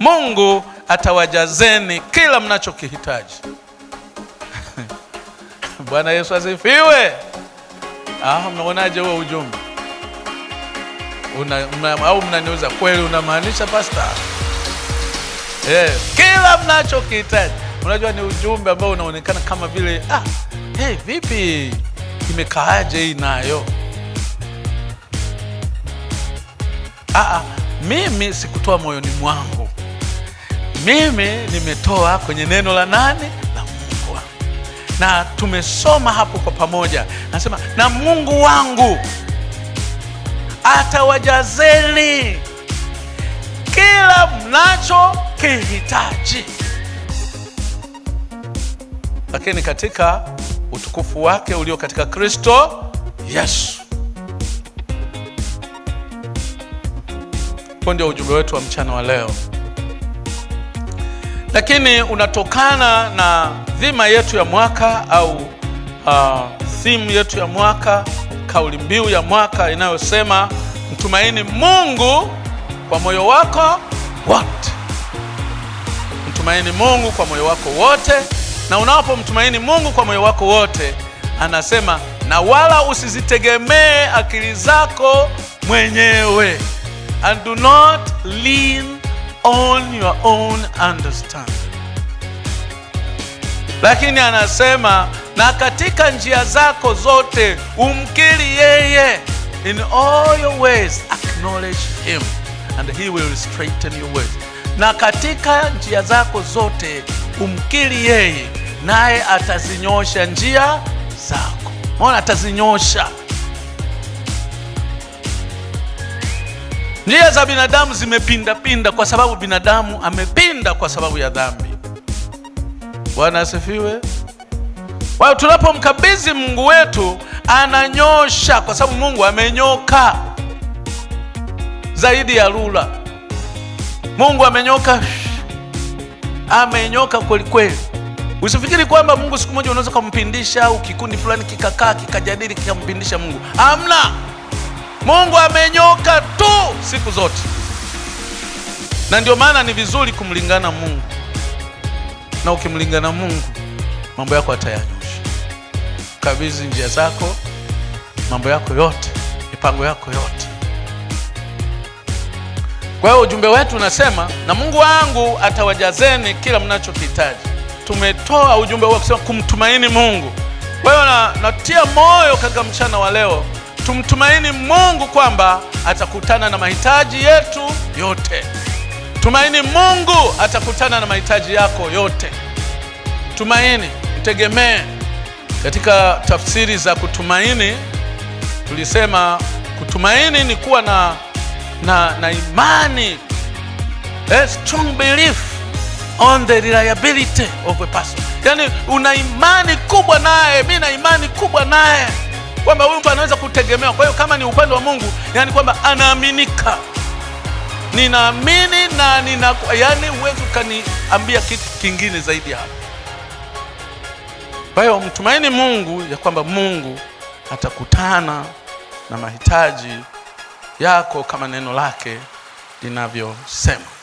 Mungu atawajazeni kila mnachokihitaji. Bwana Yesu asifiwe. Ah, mnaonaje huo ujumbe? Una, una, au mnaniuza kweli, unamaanisha pasta? Yeah. Kila mnachokihitaji. Unajua ni ujumbe ambao unaonekana kama vile ah, hey, vipi imekaaje hii nayo? Ah, ah, mimi sikutoa moyoni mwangu mimi nimetoa kwenye neno la nani la Mungu wangu, na tumesoma hapo kwa pamoja, nasema na Mungu wangu atawajazeni kila mnacho kihitaji Lakini katika utukufu wake ulio katika Kristo Yesu. Huo ndio ujumbe wetu wa mchana wa leo lakini unatokana na dhima yetu ya mwaka au uh, yetu ya mwaka, kauli mbiu ya mwaka inayosema mtumaini Mungu kwa moyo wako wote. Mtumaini Mungu kwa moyo wako wote, na unapomtumaini Mungu kwa moyo wako wote, anasema na wala usizitegemee akili zako mwenyewe, and do not lean on your own understanding. Lakini anasema na katika njia zako zote umkiri yeye, in all your ways acknowledge him and he will straighten your ways. Na katika njia zako zote umkiri yeye, naye atazinyosha njia zako. Maona atazinyosha Njia za binadamu zimepindapinda kwa sababu binadamu amepinda kwa sababu ya dhambi. Bwana asifiwe. Kwa tunapomkabidhi Mungu wetu ananyosha, kwa sababu Mungu amenyoka zaidi ya rula. Mungu amenyoka, amenyoka kweli kweli. Usifikiri kwamba Mungu siku moja unaweza kumpindisha au kikundi fulani kikakaa kikajadili kikampindisha Mungu. Amna. Mungu amenyoka tu siku zote, na ndio maana ni vizuri kumlingana Mungu, na ukimlingana Mungu mambo yako atayanyosha. kabizi njia zako, mambo yako yote, mipango yako yote. Kwa hiyo ujumbe wetu unasema, na Mungu wangu atawajazeni kila mnachokihitaji. Tumetoa ujumbe wa kusema kumtumaini Mungu. Kwa hiyo natia moyo katika mchana wa leo tumtumaini Mungu kwamba atakutana na mahitaji yetu yote. Tumaini Mungu atakutana na mahitaji yako yote. Tumaini, mtegemee. Katika tafsiri za kutumaini tulisema kutumaini ni kuwa na, na, na imani a strong belief on the reliability of a person, yani una imani kubwa naye, mi na imani kubwa naye kwamba huyu mtu anaweza kutegemewa. Kwa hiyo kama ni upande wa Mungu, yani kwamba anaaminika, ninaamini na nina, yani huwezi ukaniambia kitu kingine zaidi hapa. Kwa hiyo mtumaini Mungu ya kwamba Mungu atakutana na mahitaji yako kama neno lake linavyosema.